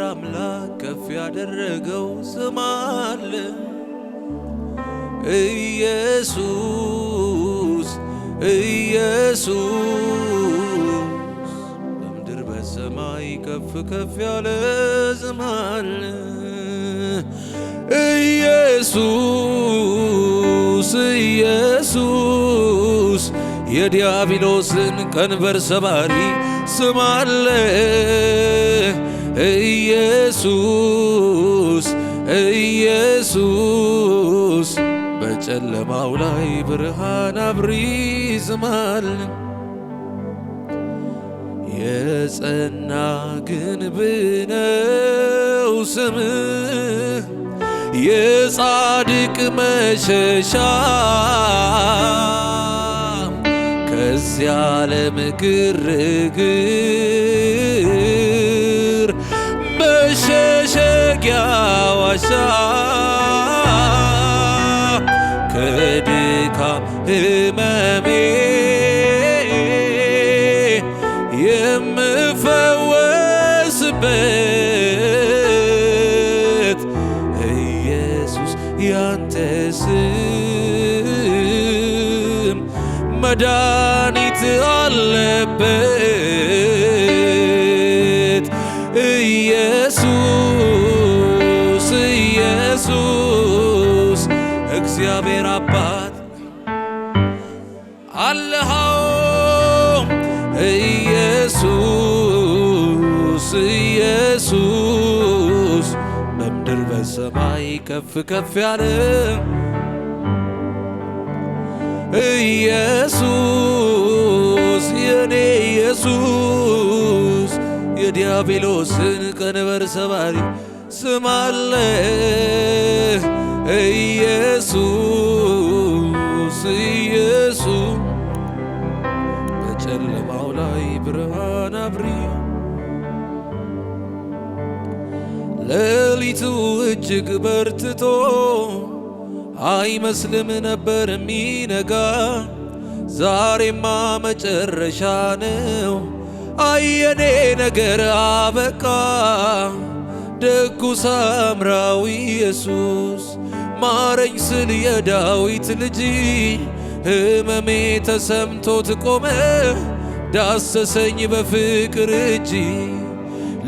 እግዚአብሔር አምላክ ከፍ ያደረገው ስም አለ ኢየሱስ ኢየሱስ በምድር በሰማይ ከፍ ከፍ ያለ ስም አለ ኢየሱስ ኢየሱስ የዲያብሎስን ቀንበር ሰባሪ ስም አለ ኢየሱስ ኢየሱስ በጨለማው ላይ ብርሃን አብሪ ዝማልን የጸና ግንብህ ነው ስምህ የጻድቅ መሸሻ ከዚያ ዓለም መሸሸጊያው ዋሻ ከድካም የምፈወስበት ኢየሱስ ያንተ ስም መድኃኒት አለበት ኢየሱስ ኢየሱስ እግዚአብሔር አባት አለሃው ኢየሱስ ኢየሱስ በምድር በሰማይ ከፍ ከፍ ያለ ኢየሱስ የኔ ኢየሱስ የዲያብሎስን ቀንበር ሰባሪ ስማለ ኢየሱስ ኢየሱስ በጨለማው ላይ ብርሃን አብሪ ሌሊቱ እጅግ በርትቶ አይመስልም ነበር የሚነጋ ዛሬማ መጨረሻ ነው። አየኔ ነገር አበቃ ደጉ ሳምራዊ ኢየሱስ ማረኝ ስል የዳዊት ልጅ ሕመሜ ተሰምቶት ቆመ ዳሰሰኝ በፍቅር እጅ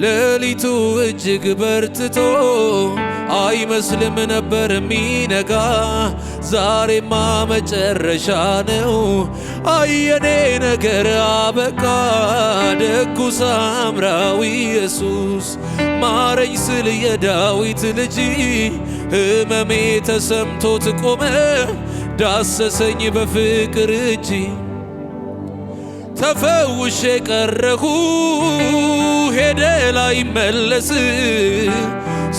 ሌሊቱ እጅግ በርትቶ አይመስልም ነበር የሚነጋ ዛሬማ መጨረሻ ነው። አየኔ ነገር አበቃ። ደጉ ሳምራዊ ኢየሱስ ማረኝ ስል የዳዊት ልጅ ሕመሜ ተሰምቶት ቆመ። ዳሰሰኝ በፍቅር እጅ ተፈውሼ ቀረሁ ሄደ ላይ መለስ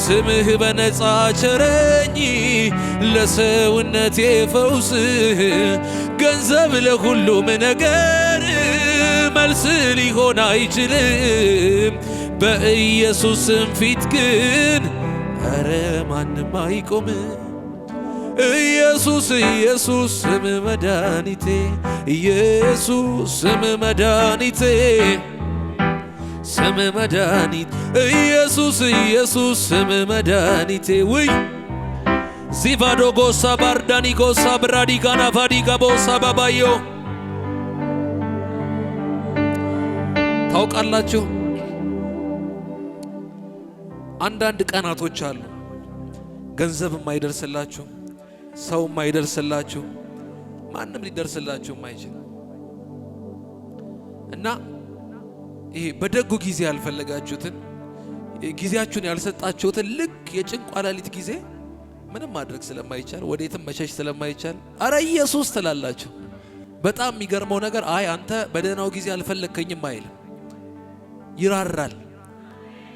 ስምህ በነፃ ቸረኝ ለሰውነት ፈውስህ ገንዘብ ለሁሉም ነገር መልስ ሊሆን አይችልም። በኢየሱስም ፊት ግን ኧረ ማንም አይቆም። ኢየሱስ ኢየሱስ ስም መድኃኒቴ ኢየሱስ ስም መድኃኒቴ ስም መድኃኒት ኢየሱስ ኢየሱስ ስም መድኃኒቴ ውይ ዚቫዶ ጎሳ ባርዳኒ ጎሳ ብራዲጋና ቫዲጋ ቦሳ ባባዮ ታውቃላችሁ አንዳንድ ቀናቶች አሉ ገንዘብ የማይደርስላችሁ ሰው የማይደርስላችሁ ማንም ሊደርስላችሁ የማይችል እና ይሄ በደጉ ጊዜ ያልፈለጋችሁትን ጊዜያችሁን ያልሰጣችሁትን ልክ የጭንቋላሊት ጊዜ ምንም ማድረግ ስለማይቻል ወዴትም መሸሽ ስለማይቻል አረ ኢየሱስ ትላላችሁ። በጣም የሚገርመው ነገር አይ አንተ በደህናው ጊዜ አልፈለግከኝም አይልም። ይራራል፣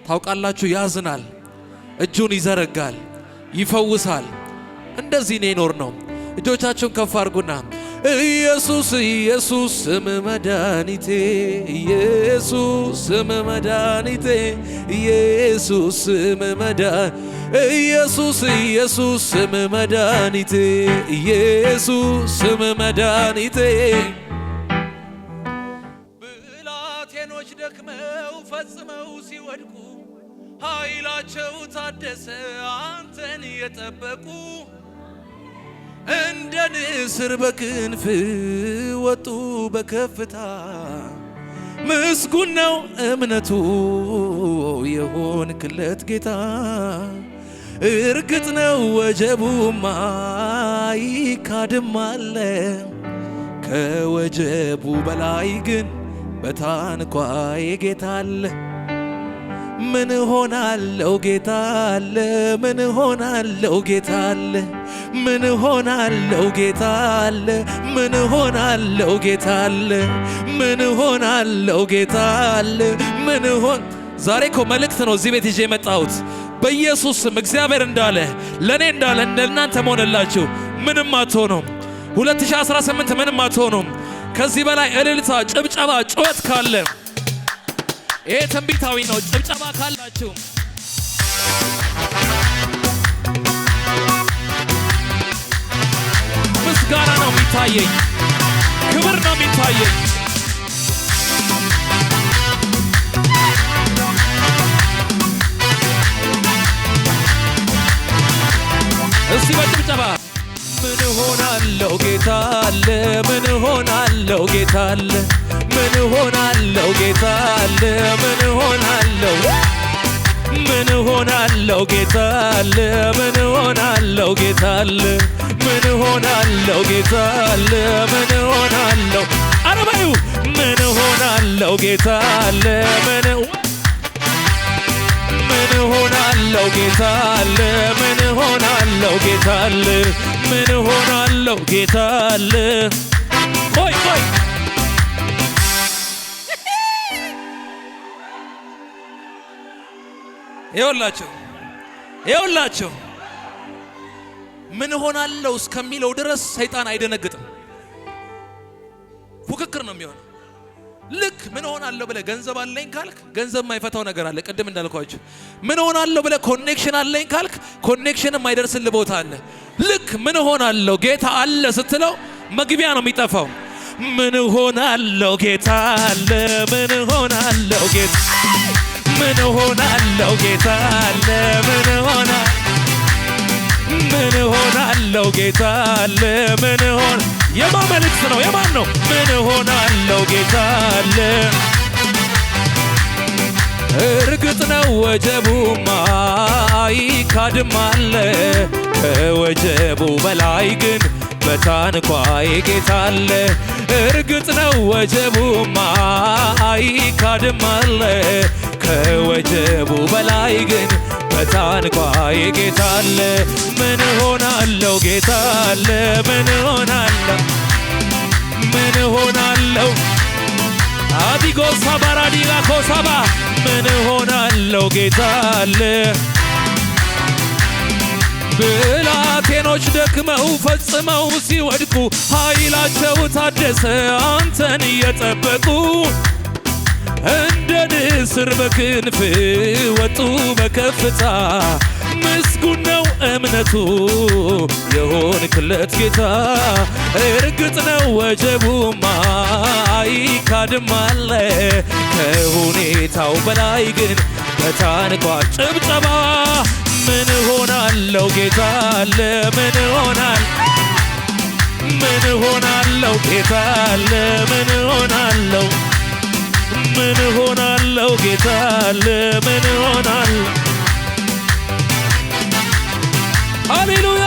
ታውቃላችሁ፣ ያዝናል፣ እጁን ይዘረጋል፣ ይፈውሳል። እንደዚህ ነው ይኖር ነው። እጆቻችሁን ከፍ አድርጉና ኢየሱስ ኢየሱስ ስም መድኃኒቴ ኢየሱስ ስም መድኃኒቴ ኢየሱስ ስም መድኃኒቴ ኢየሱስ ኢየሱስ ስም መድኃኒቴ ኢየሱስ ስም መድኃኒቴ ብላቴኖች ደክመው ፈጽመው ሲወድቁ ኃይላቸው ታደሰ አንተን የጠበቁ ንስር ስር በክንፍ ወጡ በከፍታ ምስጉን ነው እምነቱ የሆንክለት ጌታ እርግጥ ነው ወጀቡማ ይካድም አለ ከወጀቡ በላይ ግን በታንኳ ጌታ አለ ምን ሆናለው ጌታ አለ ምን ሆናለው ጌታ አለ ምን ሆናለው ጌታ አለ ምን ሆናለው ጌታ አለ ምን ሆናለው ጌታ አለ ምን ሆን ዛሬ እኮ መልእክት ነው እዚህ ቤት ይዤ የመጣሁት በኢየሱስ እግዚአብሔር እንዳለ ለእኔ እንዳለ ለእናንተ መሆንላችሁ ምንም አትሆኑም 2018 ምንም አትሆኑም ከዚህ በላይ እልልታ ጭብጨባ ጩኸት ካለ ይሄ ትንቢታዊ ነው። ጭብጨባ ካላችሁ ምስጋና ነው የሚታየኝ፣ ክብር ነው የሚታየኝ። እስቲ በጭብጨባ ምን ሆናለው ጌታ አለ ምን ሆናለው ጌታ አለ ምን ሆናለው ጌታ አለ ምን ሆናለው ምን ሆናለው ጌታ አለ ምን ሆናለው ጌታ ምን ሆናለው ጌታ አለ ምን ሆናለው አረባዩ ምን ሆናለው ጌታ ምን ምን ሆናለው ጌታ ምን ሆናለው ጌታ ምን ሆናለሁ ጌታ አለ ቆይ ቆይ ይኸውላችሁ ይኸውላችሁ ምን ሆናለሁ እስከሚለው ድረስ ሰይጣን አይደነግጥም። ፉክክር ነው የሚሆነው። ልክ ምን ሆናለሁ ብለህ ገንዘብ አለኝ ካልክ ገንዘብ የማይፈታው ነገር አለ። ቅድም እንዳልኳችሁ ምን ሆናለሁ ብለህ ኮኔክሽን አለኝ ካልክ ኮኔክሽን የማይደርስልህ ቦታ አለ። ልክ ምን ሆናለሁ ጌታ አለ ስትለው መግቢያ ነው የሚጠፋው። ምን ሆናለሁ ጌታ አለ፣ ምን ሆናለሁ ጌታ፣ ምን ሆናለሁ ጌታ አለ፣ ምን ሆና ምን ሆናለሁ ጌታ አለ፣ ምን ሆና የማ መልእክት ነው? የማን ነው? ምን ሆናለው ጌታ አለ። እርግጥ ነው ወጀቡማ አይካድም አለ። ከወጀቡ በላይ ግን በታንኳዬ ጌታ አለ። እርግጥ ነው ወጀቡማ አይካድም አለ። ከወጀቡ በላይ ግን በታንኳዬ ጌታ አለ። ምን እሆናለሁ ጌታ አለ። ሆናለሁ አዲጎሳ ባራዲላ ኮሳባ ምን ሆናለሁ ጌታ አለ ብላቴኖች ደክመው ፈጽመው ሲወድቁ ኃይላቸው ታደሰ አንተን እየጠበቁ እንደ ንስር በክንፍ ወጡ በከፍታ ምስጉን ነው እምነቱ የሆንክለት ጌታ እርግጥ ነው ወጀቡማ አይካድም አለ ከሁኔታው በላይ ግን በታንኳ ጭብጨባ ምን ሆናለው ጌታ አለ ምን ሆናል ምን ሆናለው ጌታ አለ ምን ሆናለው ምን ሆናለው ጌታ አለ ሆናለው ሃሌሉያ።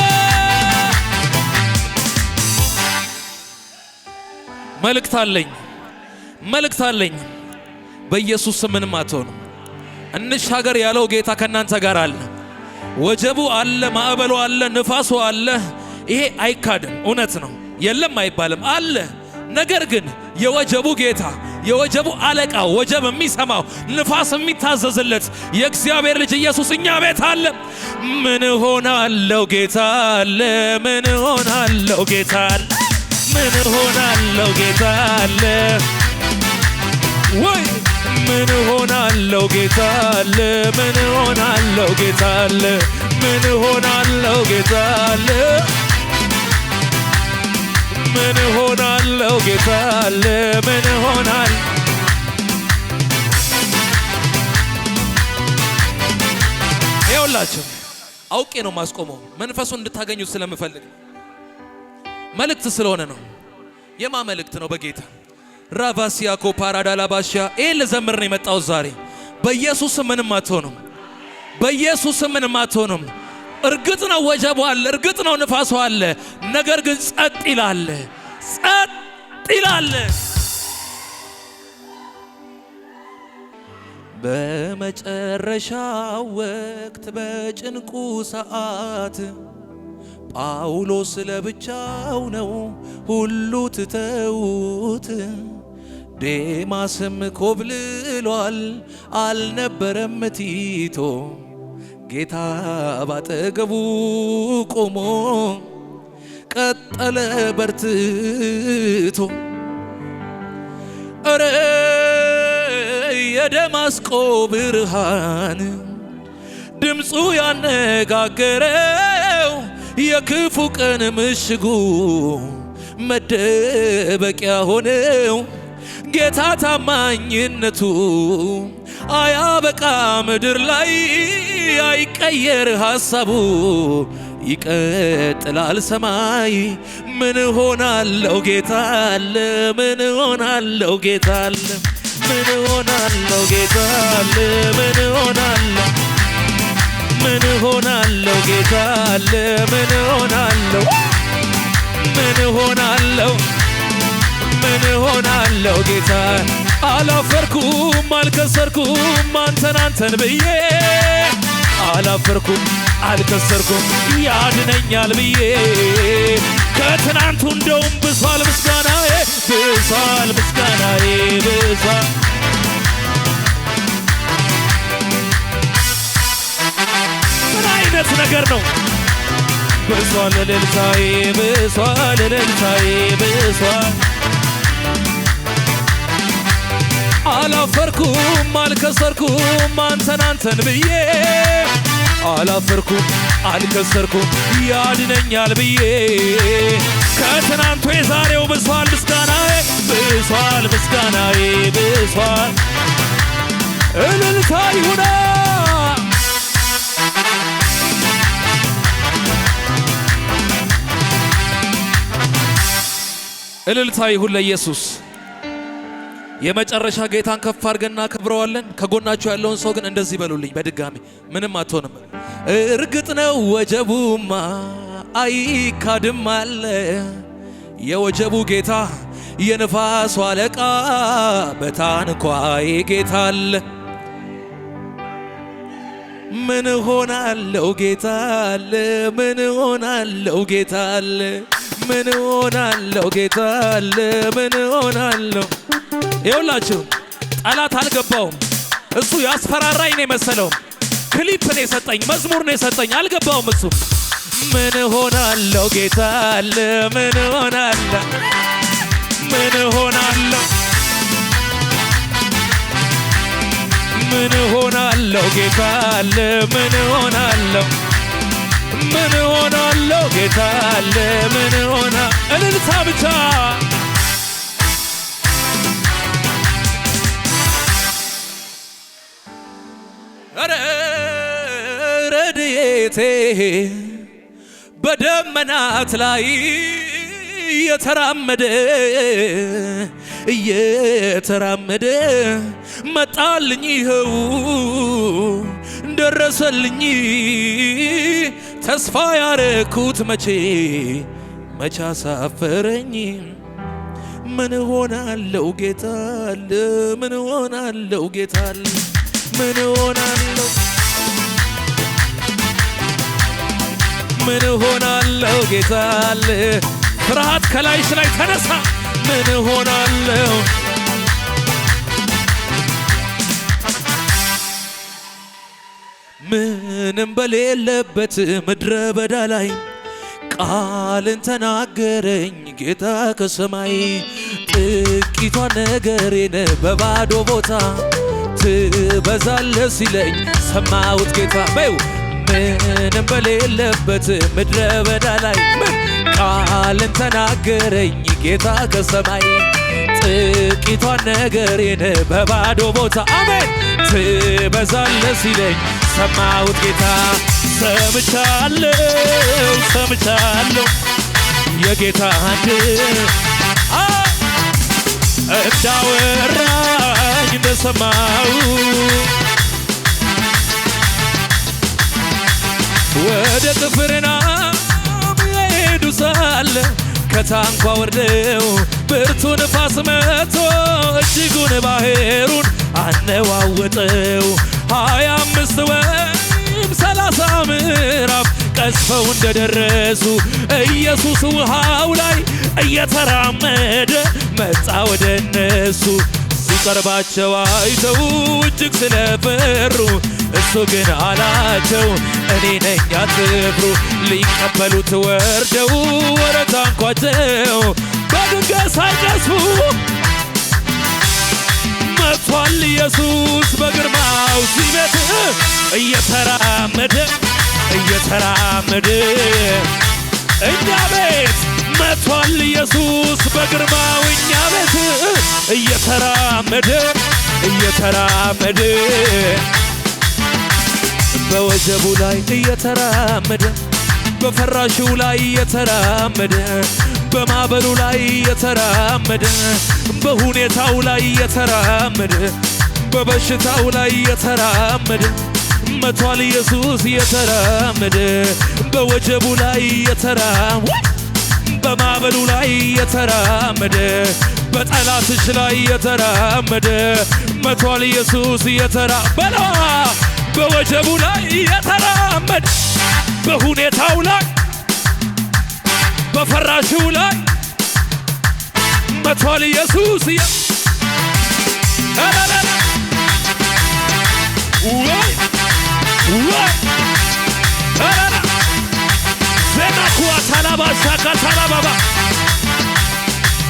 መልእክት አለኝ፣ መልእክት አለኝ። በኢየሱስ ስም ምንም አትሆኑ። እንሻገር ያለው ጌታ ከእናንተ ጋር አለ። ወጀቡ አለ፣ ማዕበሉ አለ፣ ንፋሱ አለ። ይሄ አይካድም፣ እውነት ነው። የለም አይባልም፣ አለ። ነገር ግን የወጀቡ ጌታ የወጀቡ አለቃ ወጀብ የሚሰማው ንፋስ የሚታዘዝለት የእግዚአብሔር ልጅ ኢየሱስ እኛ ቤት አለ። ምን ሆናለው ጌታ አለ። ምን ሆናለው ጌታ አለ። ምን ሆናለው ጌታ አለ ወይ ምን ሆናለው ጌታ አለ። ምን ሆናለው ጌታ አለ። ምን ሆናለው ጌታ አለ ምን ሆናለው ጌታ አለ ሆናል ይውላችሁ አውቄ ነው ማስቆመው። መንፈሱን እንድታገኙት ስለምፈልግ መልእክት ስለሆነ ነው። የማ መልእክት ነው? በጌታ ራቫሲያኮ ፓራዳላባሻ ይህ ልዘምር ነው የመጣሁት ዛሬ። በኢየሱስ ምንም አትሆኑም። በኢየሱስ ምንም አትሆኑም። እርግጥ ነው ወጀቡ አለ፣ እርግጥ ነው ንፋሱ አለ። ነገር ግን ጸጥ ይላል፣ ጸጥ ይላል። በመጨረሻው ወቅት በጭንቁ ሰዓት ጳውሎስ ለብቻው ነው ሁሉ ትተውት፣ ዴማስም ኮብልሏል አልነበረም ቲቶ ጌታ ባጠገቡ ቆሞ ቀጠለ በርትቶ እረ የደማስቆ ብርሃን ድምፁ ያነጋገረው የክፉ ቀን ምሽጉ መደበቂያ ሆነው ጌታ ታማኝነቱ አያበቃ ምድር ላይ አይቀየር ሐሳቡ ይቀጥላል ሰማይ ምን ሆናለው ጌታ አለ ምን ሆናለው ጌታለ ምን ሆናለው ጌታ አለ ምን ሆናለው ምን ሆናለው ጌታ ምን ሆናለው ምን ሆናለው ምን ሆናለው ጌታ አላፈርኩም አልከሰርኩም አንተን አንተን ብዬ አላፈርኩም አልከሰርኩም ያድነኛል ብዬ ከትናንቱ እንደውም ብሷል ምስጋናዬ ብሷል ምስጋናዬ ብሷል አይነት ነገር ነው? ብሷል እልልታዬ ብሷል እልልታዬ ብሷል አላፈርኩም አልከሰርኩም አንተን አንተን ብዬ አላፈርኩም አልከሰርኩም ያድነኛል ብዬ ከትናንቱ የዛሬው ብሷል ምስጋናዬ ብሷል ምስጋናዬ ብሷል እልልታ ይሁና እልልታ ይሁን ለኢየሱስ የመጨረሻ ጌታን ከፍ አድርገን እናከብረዋለን። ከጎናቸው ያለውን ሰው ግን እንደዚህ በሉልኝ በድጋሚ ምንም አትሆንም። እርግጥ ነው ወጀቡማ አይካድም አለ የወጀቡ ጌታ የንፋሱ አለቃ በታንኳይ ጌታ አለ። ምን ሆናለው ጌታ አለ። ምን ሆናለው ጌታ አለ ለምን ሆናለሁ ጌታ ለምን ሆናለሁ? ይኸውላችሁ ጠላት አልገባውም። እሱ ያስፈራራኝ ነው የመሰለው። ክሊፕ ነው የሰጠኝ፣ መዝሙር ነው የሰጠኝ። አልገባውም እሱ ምን ሆናለሁ ጌታ ለምን ሆናለሁ? ምን ሆናለሁ? ምን ሆናለሁ ጌታ ለምን ሆናለሁ? ምን ሆናለው ጌታ አለ ምን ሆና እልልታ ብቻ ረድኤቴ በደመናት ላይ እየተራመደ እየተራመደ መጣልኝ ይኸው ደረሰልኝ ተስፋ ያረኩት መቼ መቻ ሳፈረኝ ምን ሆናለው ጌታል ምን ሆናለው ጌታል ምን ሆናለው ምን ሆናለው ጌታል ፍርሃት ከላይሽ ላይ ተነሳ ምን ሆናለው ምንም በሌለበት ምድረ በዳ ላይ ቃልን ተናገረኝ ጌታ ከሰማይ ጥቂቷ ነገሬን በባዶ ቦታ ትበዛለ ሲለኝ ሰማሁት ጌታ በይው ምንም በሌለበት ምድረ በዳ ላይ ቃልን ተናገረኝ ጌታ ከሰማይ ጥቂቷን ነገሬን በባዶ ቦታ አሜን ትበዛለ ሲለኝ ሰማሁት ጌታ ሰምቻለሁ ሰምቻለሁ የጌታ ድምፅ እንዳወራኝ እንደሰማሁ ወደ ጥፍርና ብሄዱ ሳለ ከታንኳ ወርደው ብርቱ ንፋስ መቶ እጅጉን ባህሩን አነዋወጠው ሀያ አምስት ተገዝፈው እንደደረሱ ኢየሱስ ውሃው ላይ እየተራመደ መጣ ወደ እነሱ ሲቀርባቸው አይተው እጅግ ስለፈሩ፣ እሱ ግን አላቸው እኔ ነኝ አትፍሩ። ሊቀበሉት ወርደው ወደ ታንኳቸው በድንገት ሳይደርሱ መጥቷል ኢየሱስ በግርማው ሲመት እየተራመደ እየተራመደ እኛ ቤት መቷል ኢየሱስ በግርማው እኛ ቤት እየተራመደ እየተራመደ በወጀቡ ላይ እየተራመደ በፈራሹ ላይ እየተራመደ በማበሉ ላይ እየተራመደ በሁኔታው ላይ እየተራመደ በበሽታው ላይ እየተራመደ መቷል ኢየሱስ እየተራመደ በወጀቡ ላይ የተራ በማዕበሉ ላይ የተራመደ በጠላትሽ ላይ የተራመደ መቷል ኢየሱስ እየተራ በላ በወጀቡ ላይ የተራመደ በሁኔታው ላይ በፈራሽው ላይ መቷል ኢየሱስ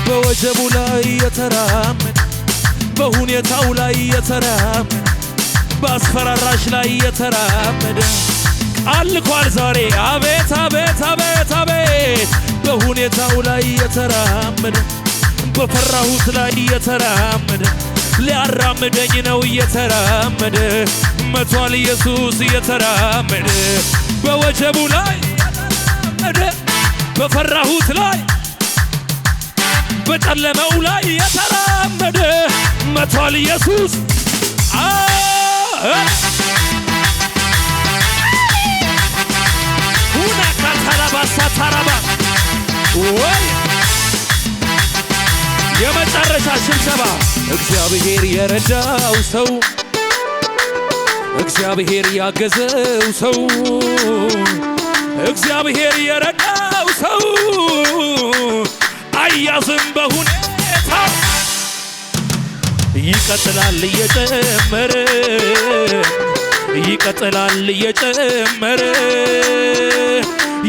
በወጀቡ ላይ የተራመድ በሁኔታው ላይ የተራመድ በአስፈራራሽ ላይ የተራመደ ቃል ዛሬ አቤት አቤት አቤት አቤት በሁኔታው ላይ የተራመደ በፈራሁት ላይ የተራመደ ሊያራምደኝ ነው እየተራመደ መቷል ኢየሱስ እየተራመደ በወጀቡ ላይ ተራመደ በፈራሁት ላይ በጨለመው ላይ የተራመደ መቷል ኢየሱስ ሁናካ ተራባሳ ተራባ ወይ የመጨረሻ ሽብሸባ እግዚአብሔር የረዳው ሰው እግዚአብሔር ያገዘው ሰው እግዚአብሔር የረዳው ሰው አያዝም በሁኔታ ይቀጥላል እየጨመረ ይቀጥላል እየጨመረ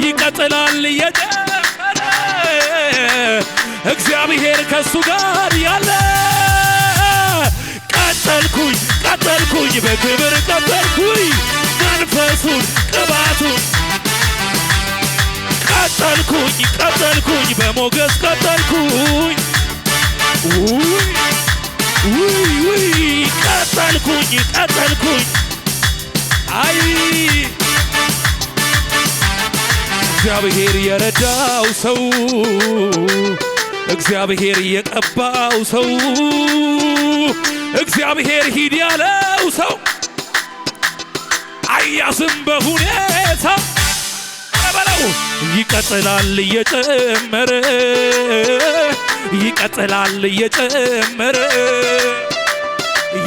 ይቀጥላል እየጨመረ እግዚአብሔር ከእሱ ጋር ያለ ቀጠልኩኝ ቀጠልኩኝ በክብር ቀጠልኩኝ መንፈሱን ቅባቱን ቀጠልኩኝ ቀጠልኩኝ በሞገስ ቀጠልኩኝ ቀጠልኩኝ ቀጠልኩኝ አይ እግዚአብሔር የረዳው ሰው እግዚአብሔር የቀባው ሰው እግዚአብሔር ሂድ ያለው ሰው አያዝም በሁኔታ ቀበለው ይቀጥላል እየጨመረ ይቀጥላል እየጨመረ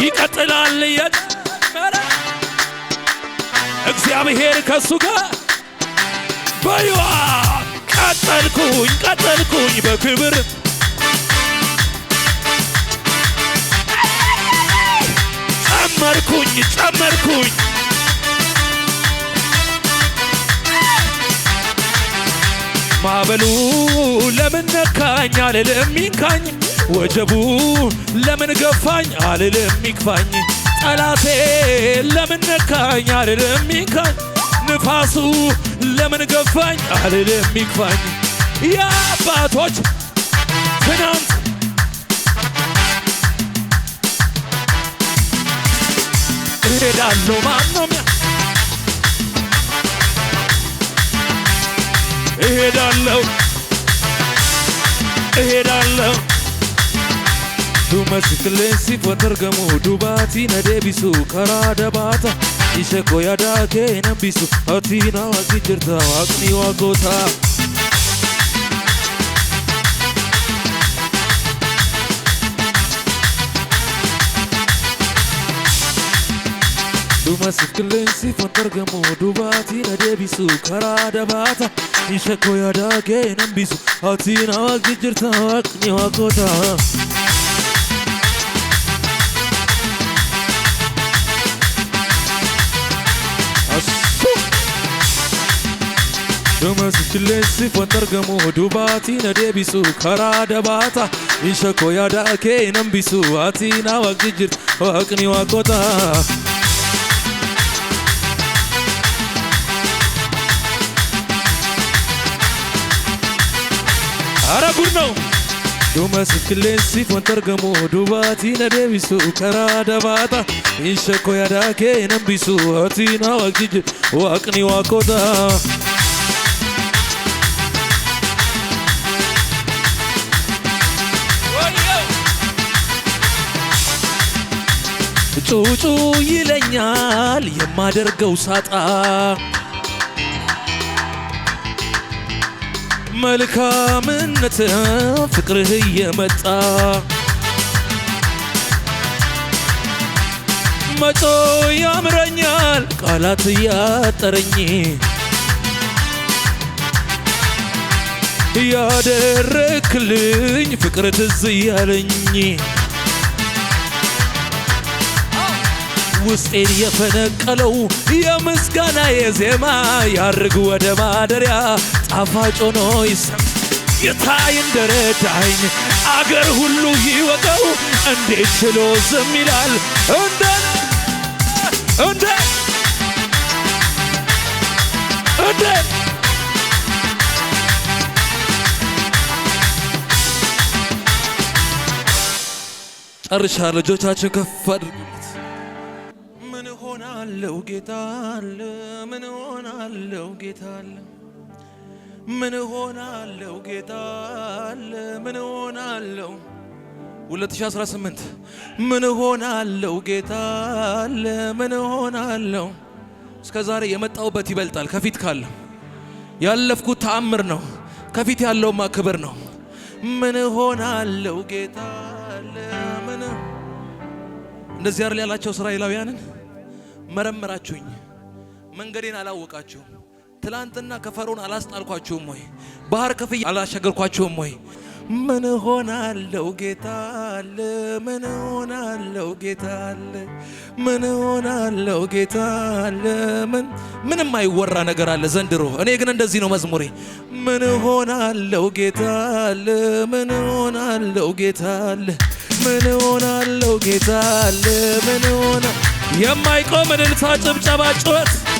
ይቀጥላል እየጨመረ እግዚአብሔር ከሱ ጋር በይዋ ቀጠልኩኝ ቀጠልኩኝ በክብር ጨመርኩኝ ጨመርኩኝ ማበሉ ለምን ነካኝ አልልም ይንካኝ፣ ወጀቡ ለምን ገፋኝ አልልም ይግፋኝ፣ ጠላቴ ለምን ነካኝ አልልም ይንካኝ፣ ንፋሱ ለምን ገፋኝ አልልም ይግፋኝ የአባቶች ትናንት እሄዳለሁ ማኖሚያ እሄዳለሁ እሄዳለሁ duumessi qilleensi watargamu duubaatiin adeebisu karaa dabaata ishee koyadaa kee nambisu ati naawaqni jirta waaqni waaqotaa Dhumasuuf qilleensiif wanta argamu duubaatiin adeebisu karaa dabaata Ishakkoo yaadaa ga'e nan bisu ati na waaqni jirta waaqni waaqota. Dhumasuuf qilleensiif wanta argamu duubaatiin adeebisu karaa dabaata Ishakkoo yaadaa ga'e nan bisu ati na waaqni jirta waaqni waaqota. አረጉድ ነው ዱመስ ክሌንሲፍ ወንተርገሞ ዱባቲነ ዴቢሱ ከራ ደባጣ ኢንሸኮ ያዳኬ ነንቢሱ ሆቲና ዋጅጅ ዋቅኒ ዋኮታ ጩጩ ይለኛል የማደርገው ሳጣ መልካምነት ፍቅርህ እየመጣ መጮ ያምረኛል ቃላት እያጠረኝ ያደረክልኝ ፍቅር ትዝ እያለኝ ውስጤን የፈነቀለው የምስጋና የዜማ ያርግ ወደ ማደሪያ ጣፋጭ ሆኖ ይሰማ ጌታዬ እንደረዳኝ አገር ሁሉ ይወቀው። እንዴት ችሎ ዝም ይላል? እንደ እንደ እንደ ልጆቻችን ከፍ አድርጉት። ምን ሆናለው ጌታ አለ፣ ምን ሆናለው ጌታ አለ ምን ሆናለው ጌታ አለ ምን ሆናለው 2018 ምን ሆናለው ጌታ አለ ምን ሆናለው እስከ ዛሬ የመጣውበት ይበልጣል ከፊት ካለው ያለፍኩት ተአምር ነው ከፊት ያለውማ ክብር ነው ምን ሆናለው ጌታ አለ ምን እንደዚህ ያላቸው እስራኤላውያንን መረመራችሁኝ መንገዴን አላወቃችሁም ትላንትና ከፈርዖን አላስጣልኳችሁም ወይ? ባህር ከፍዬ አላሻገርኳችሁም ወይ? ምን ሆናለው ጌታ አለ። ምን ሆናለው ጌታ አለ። ምን ሆናለው ጌታ አለ። ምን ምንም አይወራ ነገር አለ ዘንድሮ። እኔ ግን እንደዚህ ነው መዝሙሬ። ምን ሆናለው ጌታ አለ። ምን ሆናለው ጌታ አለ። ምን ሆናለው ጌታ አለ። ምን ሆና የማይቆም እልልታ፣ ጭብጨባ፣ ጩኸት